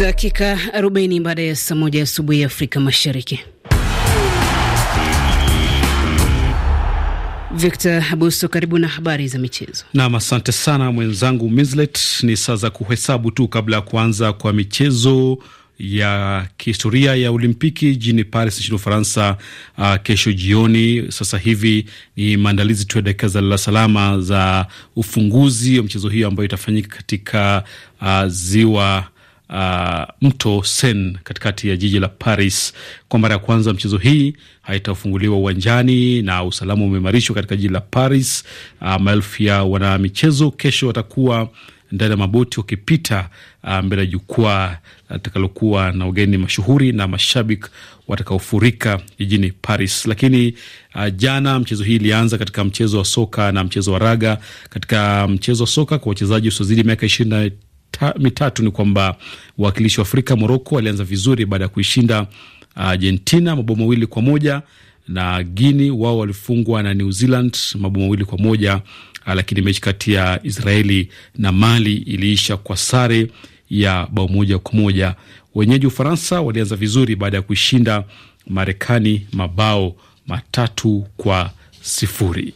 Dakika 40 baada ya saa moja asubuhi ya Afrika Mashariki. Victor Abuso, karibu na habari za michezo. Nam, asante sana mwenzangu Mislet. Ni saa za kuhesabu tu kabla ya kuanza kwa michezo ya kihistoria ya Olimpiki jijini Paris nchini Ufaransa uh, kesho jioni. Sasa hivi ni maandalizi tu ya dakika za lala salama za ufunguzi wa michezo hiyo ambayo itafanyika katika uh, ziwa uh, mto Sen katikati ya jiji la Paris. Kwa mara ya kwanza mchezo hii haitafunguliwa uwanjani na usalama umeimarishwa katika jiji la Paris. Uh, maelfu ya wanamichezo kesho watakuwa ndani ya maboti wakipita uh, mbele ya jukwaa atakalokuwa na wageni mashuhuri na mashabiki watakaofurika jijini Paris. Lakini uh, jana mchezo hii ilianza katika mchezo wa soka na mchezo wa raga. Katika mchezo wa soka kwa wachezaji usiozidi miaka ishirini na mitatu ni kwamba wawakilishi wa Afrika Moroko walianza vizuri baada ya kuishinda Argentina mabao mawili kwa moja na Guini wao walifungwa na New Zealand mabao mawili kwa moja, ah, lakini mechi kati ya Israeli na Mali iliisha kwa sare ya bao moja kwa moja. Wenyeji Ufaransa walianza vizuri baada ya kuishinda Marekani mabao matatu kwa sifuri.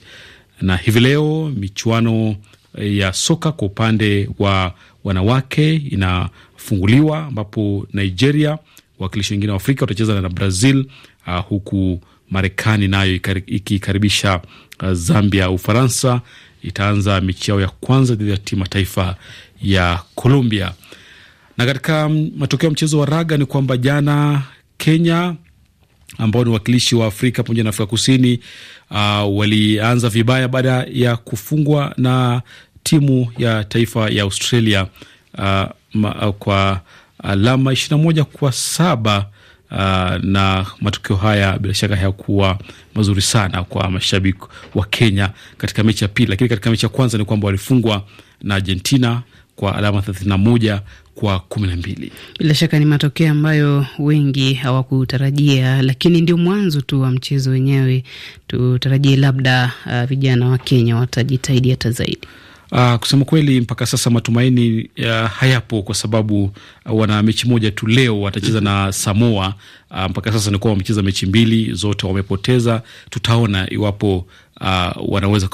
Na hivi leo michuano ya soka kwa upande wa wanawake inafunguliwa, ambapo Nigeria wakilishi wengine wa Afrika watacheza na Brazil, uh, huku Marekani nayo ikikaribisha uh, Zambia. Ufaransa itaanza mechi yao ya kwanza dhidi ya timu ya taifa ya Colombia. Na katika mm, matokeo ya mchezo wa raga ni kwamba jana Kenya ambao ni wakilishi wa Afrika pamoja na Afrika Kusini uh, walianza vibaya baada ya kufungwa na timu ya taifa ya Australia uh, ma, uh, kwa alama ishirini na moja kwa saba. Uh, na matokeo haya bila shaka hayakuwa mazuri sana kwa mashabiki wa Kenya katika mechi ya pili, lakini katika mechi ya kwanza ni kwamba walifungwa na Argentina kwa alama moja kwa mbili. Bila shaka ni matokeo ambayo wengi hawakutarajia, lakini ndio mwanzo tu wa mchezo wenyewe. Tutarajie labda uh, vijana wa Kenya watajitahidi hata zaidi. Uh, kusema kweli mpaka sasa matumaini uh, hayapo kwa sababu uh, wana mechi moja tu leo watacheza na Samoa. Uh, mpaka sasa ni kuwa wamecheza mechi mbili zote wamepoteza. Tutaona iwapo uh, wanaweza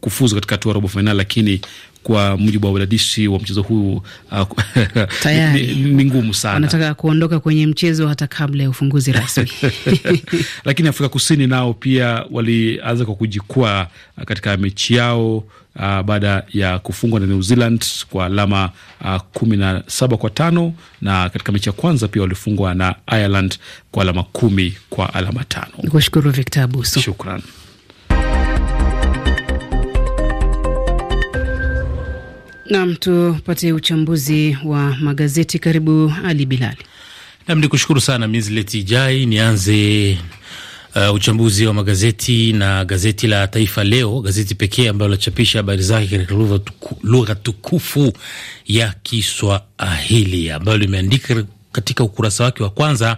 kufuzu katika hatua robo fainali, lakini kwa mujibu wa wadadisi wa mchezo huu uh, ni, ni ngumu sana. anataka kuondoka kwenye mchezo hata kabla ya ufunguzi rasmi lakini Afrika Kusini nao pia walianza kwa kujikwaa katika mechi yao Uh, baada ya kufungwa na New Zealand kwa alama uh, kumi na saba kwa tano na katika mechi ya kwanza pia walifungwa na Ireland kwa alama kumi kwa alama tano. Victor Abuso. Nam, tupate uchambuzi wa magazeti. Karibu Ali Bilali. Nam, ni kushukuru sana Misleti Jai. Nianze uh, uchambuzi wa magazeti na gazeti la Taifa Leo, gazeti pekee ambalo lachapisha habari zake katika lugha tukufu ya Kiswahili, ambayo limeandika katika ukurasa wake wa kwanza,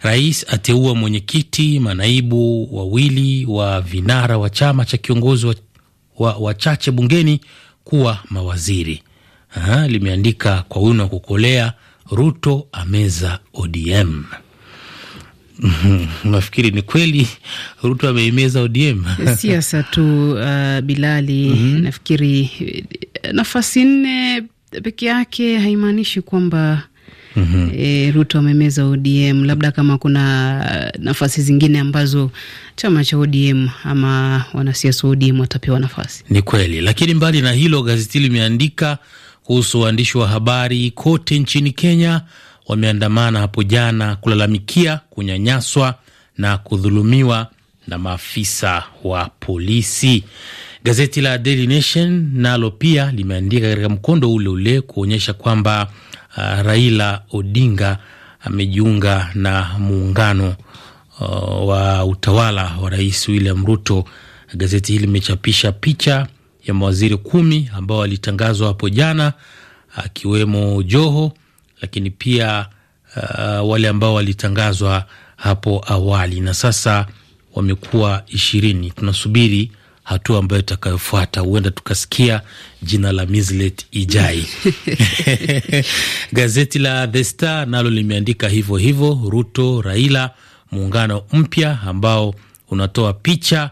Rais ateua mwenyekiti, manaibu wawili wa vinara wa chama cha kiongozi wachache wa, wa bungeni kuwa mawaziri. Aha, limeandika kwa wino wa kukolea, Ruto ameza ODM. nafikiri ni kweli Ruto ameimeza ODM? siasa tu uh, Bilali. mm -hmm. Nafikiri eh, nafasi nne peke yake haimaanishi kwamba mm -hmm. E, Ruto amemeza ODM, labda kama kuna nafasi zingine ambazo chama cha ODM ama wanasiasa wa ODM watapewa nafasi. Ni kweli, lakini mbali na hilo, gazeti limeandika kuhusu waandishi wa habari kote nchini Kenya wameandamana hapo jana kulalamikia kunyanyaswa na kudhulumiwa na maafisa wa polisi. Gazeti la Daily Nation nalo pia limeandika katika mkondo ule ule kuonyesha kwamba uh, Raila Odinga amejiunga na muungano uh, wa utawala wa Rais William Ruto. Gazeti hili limechapisha picha ya mawaziri kumi ambao walitangazwa hapo jana akiwemo uh, Joho, lakini pia uh, wale ambao walitangazwa hapo awali na sasa wamekuwa ishirini. Tunasubiri hatua ambayo itakayofuata. Huenda tukasikia jina la Mislet Ijai. Gazeti la The Star nalo limeandika hivyo hivyo, Ruto Raila muungano mpya ambao unatoa picha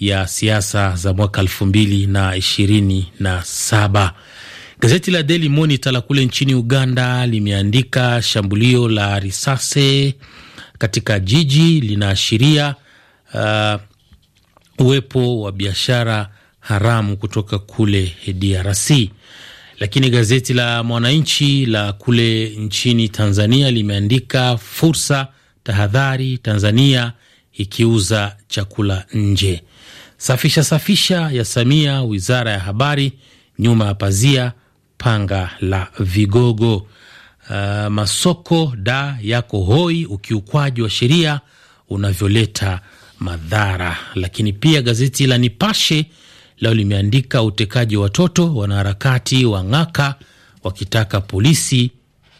ya siasa za mwaka elfu mbili na ishirini na saba. Gazeti la Daily Monitor la kule nchini Uganda limeandika shambulio la risasi katika jiji linaashiria uh, uwepo wa biashara haramu kutoka kule DRC. Lakini gazeti la Mwananchi la kule nchini Tanzania limeandika fursa tahadhari, Tanzania ikiuza chakula nje. Safisha safisha ya Samia, wizara ya habari, nyuma ya pazia, panga la vigogo. Uh, masoko da yako hoi, ukiukwaji wa sheria unavyoleta madhara. Lakini pia gazeti la Nipashe leo limeandika utekaji watoto, wanaharakati wang'aka wakitaka polisi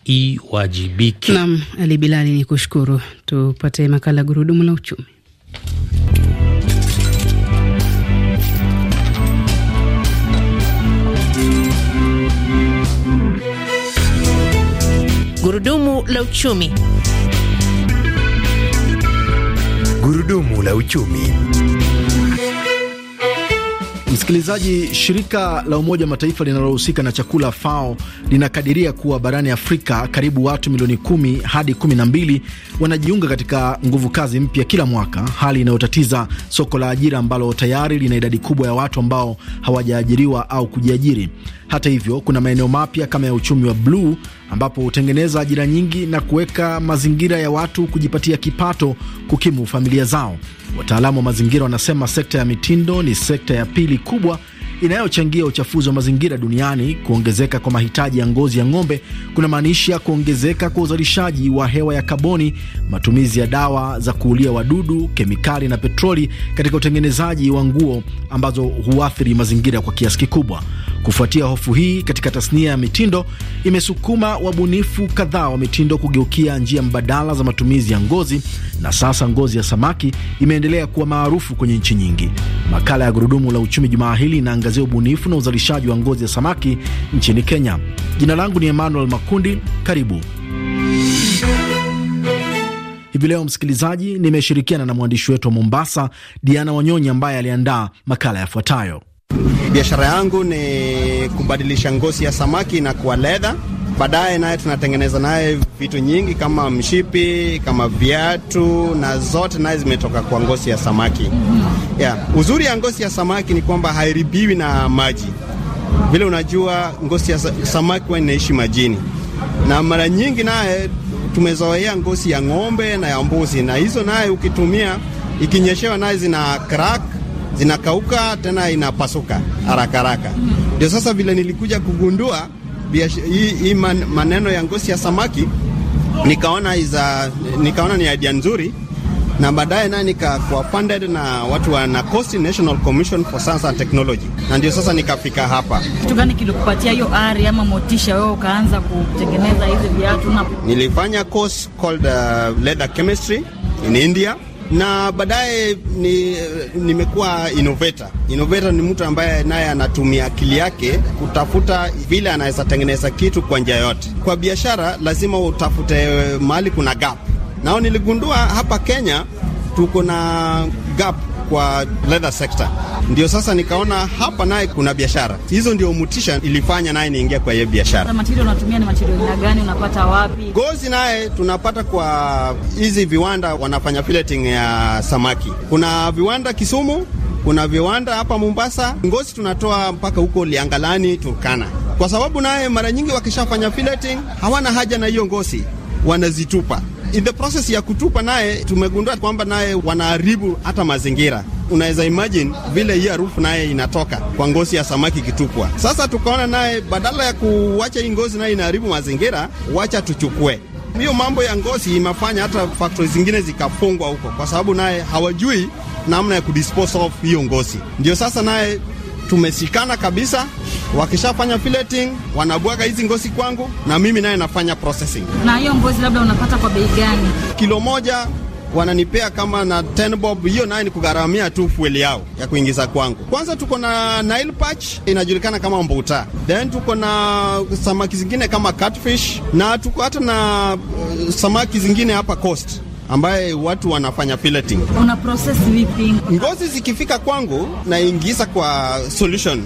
iwajibike. nam Ali Bilali, ni kushukuru. Tupate makala ya gurudumu la uchumi. Gurudumu la uchumi. Gurudumu la uchumi. Msikilizaji, shirika la Umoja wa Mataifa linalohusika na chakula FAO linakadiria kuwa barani Afrika karibu watu milioni kumi hadi kumi na mbili wanajiunga katika nguvu kazi mpya kila mwaka, hali inayotatiza soko la ajira ambalo tayari lina idadi kubwa ya watu ambao hawajaajiriwa au kujiajiri. Hata hivyo, kuna maeneo mapya kama ya uchumi wa bluu ambapo hutengeneza ajira nyingi na kuweka mazingira ya watu kujipatia kipato kukimu familia zao. Wataalamu wa mazingira wanasema sekta ya mitindo ni sekta ya pili kubwa inayochangia uchafuzi wa mazingira duniani. Kuongezeka kwa mahitaji ya ngozi ya ng'ombe kunamaanisha kuongezeka kwa uzalishaji wa hewa ya kaboni, matumizi ya dawa za kuulia wadudu, kemikali na petroli katika utengenezaji wa nguo ambazo huathiri mazingira kwa kiasi kikubwa. Kufuatia hofu hii katika tasnia ya mitindo, imesukuma wabunifu kadhaa wa mitindo kugeukia njia mbadala za matumizi ya ngozi, na sasa ngozi ya samaki imeendelea kuwa maarufu kwenye nchi nyingi. Makala ya Gurudumu la Uchumi jumaa hili inaangazia ubunifu na uzalishaji wa ngozi ya samaki nchini Kenya. Jina langu ni Emmanuel Makundi, karibu. Hivi leo msikilizaji, nimeshirikiana na mwandishi wetu wa Mombasa, Diana Wanyonyi, ambaye aliandaa makala yafuatayo. Biashara yangu ni kubadilisha ngozi ya samaki na kuwa ledha. Baadaye naye tunatengeneza naye vitu nyingi kama mshipi, kama viatu na zote naye zimetoka kwa ngozi ya samaki. Yeah. Uzuri ya ngozi ya samaki ni kwamba hairibiwi na maji. Vile unajua ngozi ya samaki huwa inaishi majini. Na mara nyingi naye tumezoea ngozi ya ng'ombe na ya mbuzi na hizo naye ukitumia ikinyeshewa naye zina crack zinakauka tena inapasuka haraka haraka. Ndio sasa vile nilikuja kugundua hii, man, maneno ya ngozi ya samaki nikaona iza, nikaona ni idea nzuri na baadaye naye nikakuwa funded na watu wa na Coast National Commission for Science and Technology, na ndio sasa nikafika hapa. Kitu gani kilikupatia hiyo ari ama motisha wewe ukaanza kutengeneza hizi viatu? Na nilifanya course called uh, leather chemistry in India na baadaye ni, nimekuwa innovator. Innovator ni mtu ambaye naye anatumia akili yake kutafuta vile anaweza tengeneza kitu kwa njia yote. Kwa biashara lazima utafute mahali kuna gap, nao niligundua hapa Kenya tuko na gap kwa leather sector. Ndio sasa nikaona hapa naye kuna biashara hizo, ndio mutisha ilifanya naye niingia kwa hiyo biashara. Material unatumia ni material gani? Unapata wapi? Gozi naye tunapata kwa hizi viwanda, wanafanya filleting ya samaki. Kuna viwanda Kisumu, kuna viwanda hapa Mombasa. Ngozi tunatoa mpaka huko Liangalani, Turkana, kwa sababu naye mara nyingi wakishafanya filleting hawana haja na hiyo ngozi, wanazitupa In the process ya kutupa naye tumegundua kwamba naye wanaharibu hata mazingira. Unaweza imagine vile hii harufu naye inatoka kwa ngozi ya samaki kitupwa. Sasa tukaona naye badala ya kuwacha hii ngozi naye inaharibu mazingira, wacha tuchukue hiyo mambo ya ngozi imefanya hata factory zingine zikafungwa huko, kwa sababu naye hawajui namna ya kudispose of hiyo ngozi. Ndio sasa naye tumeshikana kabisa. Wakishafanya filleting wanabwaga hizi ngozi kwangu, na mimi naye nafanya processing. Na hiyo ngozi labda unapata kwa bei gani? Kilo moja wananipea kama na 10 bob, hiyo naye ni kugharamia tu fueli yao ya kuingiza kwangu. Kwanza tuko na Nile perch inajulikana kama mbuta, then tuko na samaki zingine kama catfish, na tuko hata na uh, samaki zingine hapa coast ambaye watu wanafanya pelleting. Una process vipi? Ngozi zikifika kwangu naingiza kwa solution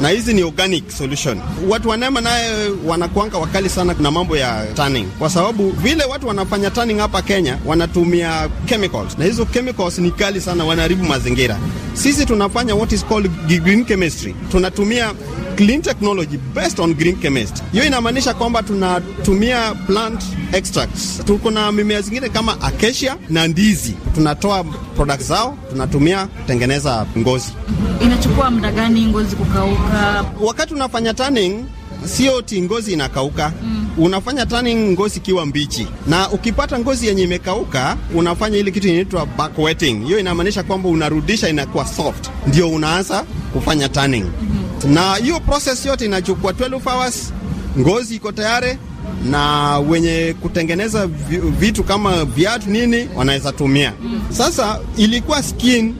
na hizi ni organic solution. Watu wanema naye wanakuanga wakali sana na mambo ya tanning, kwa sababu vile watu wanafanya tanning hapa Kenya wanatumia chemicals, na hizo chemicals ni kali sana, wanaharibu mazingira. Sisi tunafanya what is called green chemistry, tunatumia clean technology based on green chemist. Hiyo inamaanisha kwamba tunatumia plant extracts. Tuko na mimea zingine kama acacia na ndizi, tunatoa products zao, tunatumia kutengeneza ngozi. Inachukua muda gani ngozi kukauka? Wakati unafanya tanning, sio ti ngozi inakauka mm. Unafanya tanning ngozi ikiwa mbichi, na ukipata ngozi yenye imekauka unafanya ile kitu inaitwa back wetting. Hiyo inamaanisha kwamba unarudisha, inakuwa soft, ndio unaanza kufanya tanning na hiyo process yote inachukua 12 hours. Ngozi iko tayari na wenye kutengeneza vitu kama viatu nini wanaweza tumia. Sasa ilikuwa skin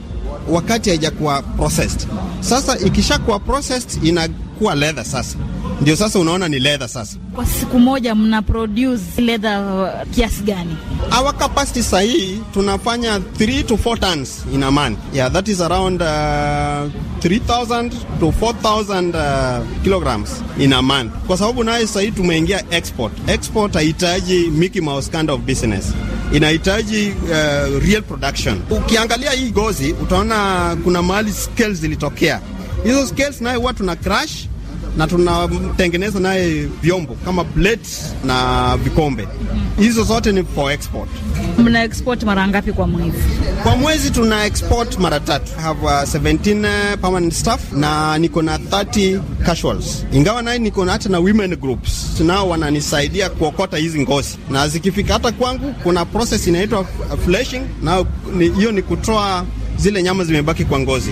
wakati haijakuwa processed. Sasa ikishakuwa processed inakuwa leather sasa ndio sasa unaona ni leather. Sasa kwa siku moja mna produce leather uh, kiasi gani? Our capacity sasa hii tunafanya 3 to 4 tons in a month. Yeah, that is around uh, 3000 to 4000 uh, kilograms in a month. Kwa sababu naye hii tumeingia export. Export haihitaji Mickey Mouse kind of business inahitaji uh, real production. Ukiangalia hii gozi utaona kuna mahali scales zilitokea, hizo scales naye huwa tuna crash na tunatengeneza naye vyombo kama plates na vikombe. Hizo zote ni for export. Mna export mara ngapi kwa mwezi? Kwa mwezi tuna export mara tatu. I have 17 uh, uh, permanent staff na niko na 30 casuals, ingawa naye niko na hata na women groups nao wananisaidia kuokota hizi ngozi, na zikifika hata kwangu kuna process inaitwa fleshing, na hiyo ni kutoa zile nyama zimebaki kwa ngozi.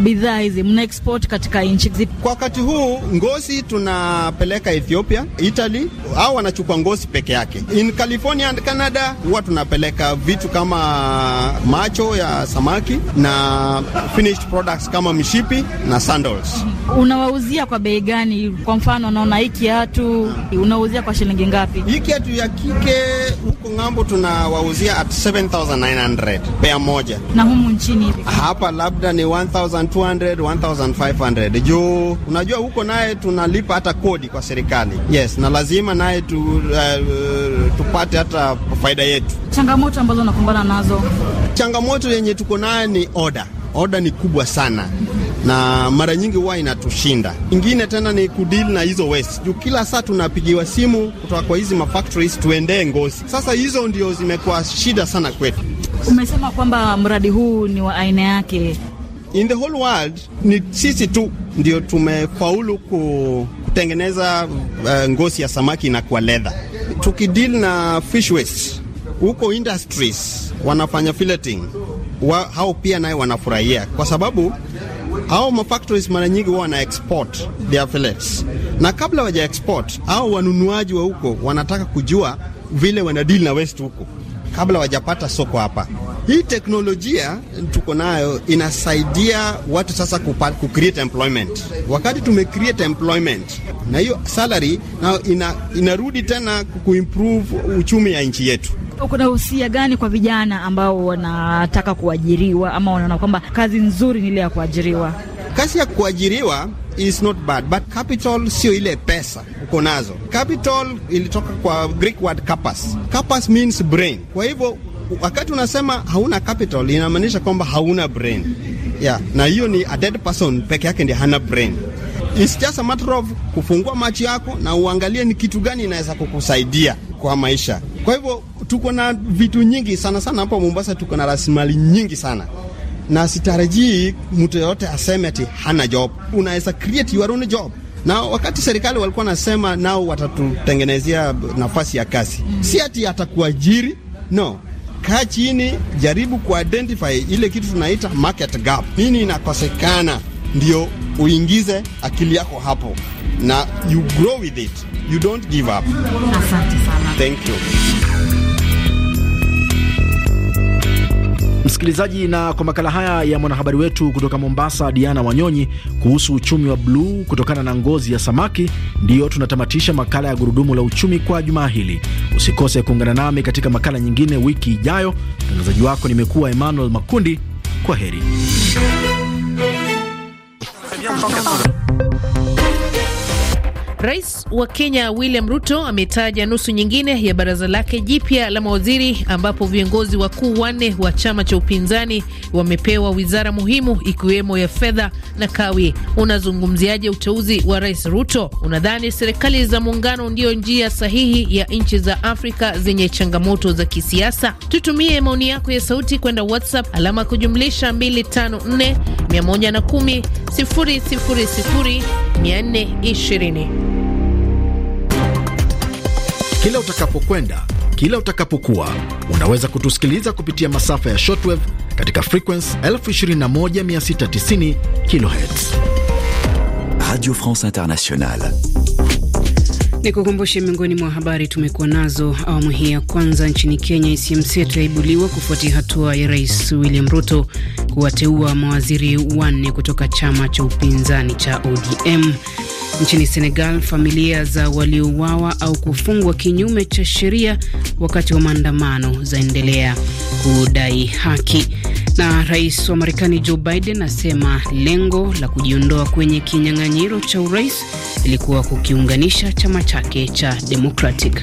bidhaa hizi mna export katika nchi zipi? Kwa wakati huu ngozi tunapeleka Ethiopia, Italy, au wanachukua ngozi peke yake. In California and Canada huwa tunapeleka vitu kama macho ya samaki na finished products kama mishipi na sandals unawauzia kwa bei gani? Kwa mfano, naona hii kiatu unawauzia kwa shilingi ngapi? Hii kiatu ya kike huko ng'ambo tunawauzia at 7900 pea moja, na humu nchini hapa labda ni 1200 1500 juu unajua huko naye tunalipa hata kodi kwa serikali. Yes, na lazima naye tu, uh, tupate hata faida yetu. Changamoto ambazo nakumbana nazo, changamoto yenye tuko nayo ni oda oda ni kubwa sana na mara nyingi huwa inatushinda. Ingine tena ni kudili na hizo waste, juu kila saa tunapigiwa simu kutoka kwa hizi mafactories tuendee Ngozi. Sasa hizo ndio zimekuwa shida sana kwetu. Umesema kwamba mradi huu ni wa aina yake in the whole world. Ni sisi tu ndio tumefaulu kutengeneza uh, ngozi ya samaki na kwa leather. Tukidili na fish waste huko industries wanafanya filleting wa, hao pia naye wanafurahia kwa sababu hao mafactories mara nyingi huwa wana export their fillets, na kabla waja export, hao wanunuaji wa huko wanataka kujua vile wana deal na west huko kabla wajapata soko hapa. Hii teknolojia tuko nayo inasaidia watu sasa kupa, kucreate employment. Wakati tumecreate employment na hiyo salary na ina, inarudi tena kuimprove uchumi ya nchi yetu. Kuna usia gani kwa vijana ambao wanataka kuajiriwa ama wanaona kwamba kazi nzuri ni ile ya kuajiriwa? Kazi ya kuajiriwa is not bad but capital sio ile pesa uko nazo. Capital ilitoka kwa Greek word kapas. Kapas means brain. Kwa hivyo wakati unasema hauna capital inamaanisha kwamba hauna brain. Yeah, na hiyo ni a dead person peke yake ndiye hana brain. It's just a matter of kufungua macho yako na uangalie ni kitu gani inaweza kukusaidia kwa maisha. Kwa hivyo tuko na vitu nyingi sana sana hapa Mombasa, tuko na rasilimali nyingi sana na sitarajii mtu yoyote aseme ati hana job. Unaweza create your own job na wakati serikali walikuwa nasema nao watatutengenezea nafasi ya kazi, si ati atakuajiri no. Kaa chini, jaribu kuidentify ile kitu tunaita market gap, nini inakosekana, ndio uingize akili yako hapo na you grow with it you don't give up. Asante sana. Thank you. Msikilizaji, na kwa makala haya ya mwanahabari wetu kutoka Mombasa, Diana Wanyonyi, kuhusu uchumi wa bluu kutokana na ngozi ya samaki, ndiyo tunatamatisha makala ya gurudumu la uchumi kwa jumaa hili. Usikose kuungana nami katika makala nyingine wiki ijayo. Mtangazaji wako nimekuwa Emmanuel Makundi. Kwa heri. Rais wa Kenya William Ruto ametaja nusu nyingine ya baraza lake jipya la mawaziri ambapo viongozi wakuu wanne wa chama cha upinzani wamepewa wizara muhimu ikiwemo ya fedha na kawi. Unazungumziaje uteuzi wa Rais Ruto? Unadhani serikali za muungano ndiyo njia sahihi ya nchi za Afrika zenye changamoto za kisiasa? Tutumie maoni yako ya sauti kwenda WhatsApp alama kujumlisha 254 110 000 420. Kila utakapokwenda, kila utakapokuwa, unaweza kutusikiliza kupitia masafa ya shortwave katika frequency 21690 kHz. Radio France Internationale. Ni kukumbushe miongoni mwa habari tumekuwa nazo awamu hii ya kwanza. Nchini Kenya, ICMC yataibuliwa kufuatia hatua ya Rais William Ruto kuwateua mawaziri wanne kutoka chama cha upinzani cha ODM. Nchini Senegal, familia za waliouawa au kufungwa kinyume cha sheria wakati wa maandamano zaendelea kudai haki. Na rais wa Marekani Joe Biden asema lengo la kujiondoa kwenye kinyang'anyiro cha urais ilikuwa kukiunganisha chama chake cha Democratic.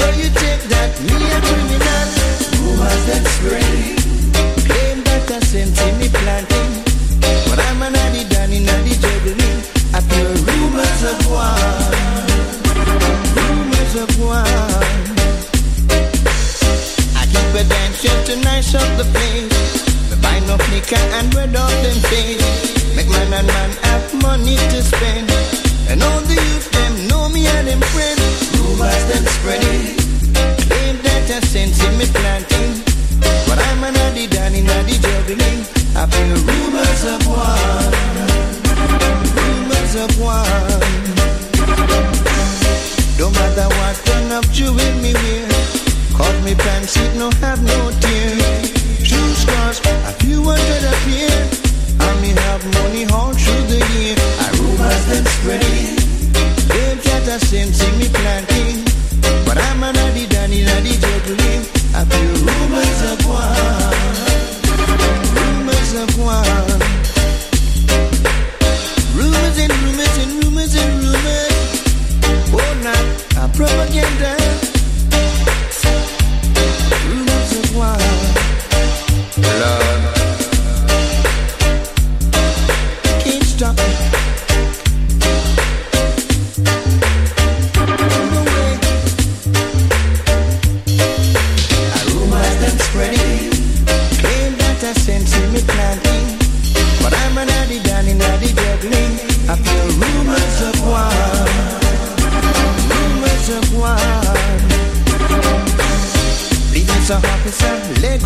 So you think that me a criminal? Who has that spray? Claim that I sent me planting, but I'm an addy down in addy juggling. I pure rumors of war, rumors of war. I keep a dance just to nice up the place. We buy no liquor and bread off them face. Make man and man have money to spend. And all the youth them know me and them friends. Rumors them spreading. Claim that I sent me planting.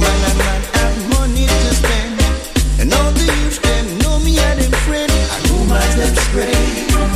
la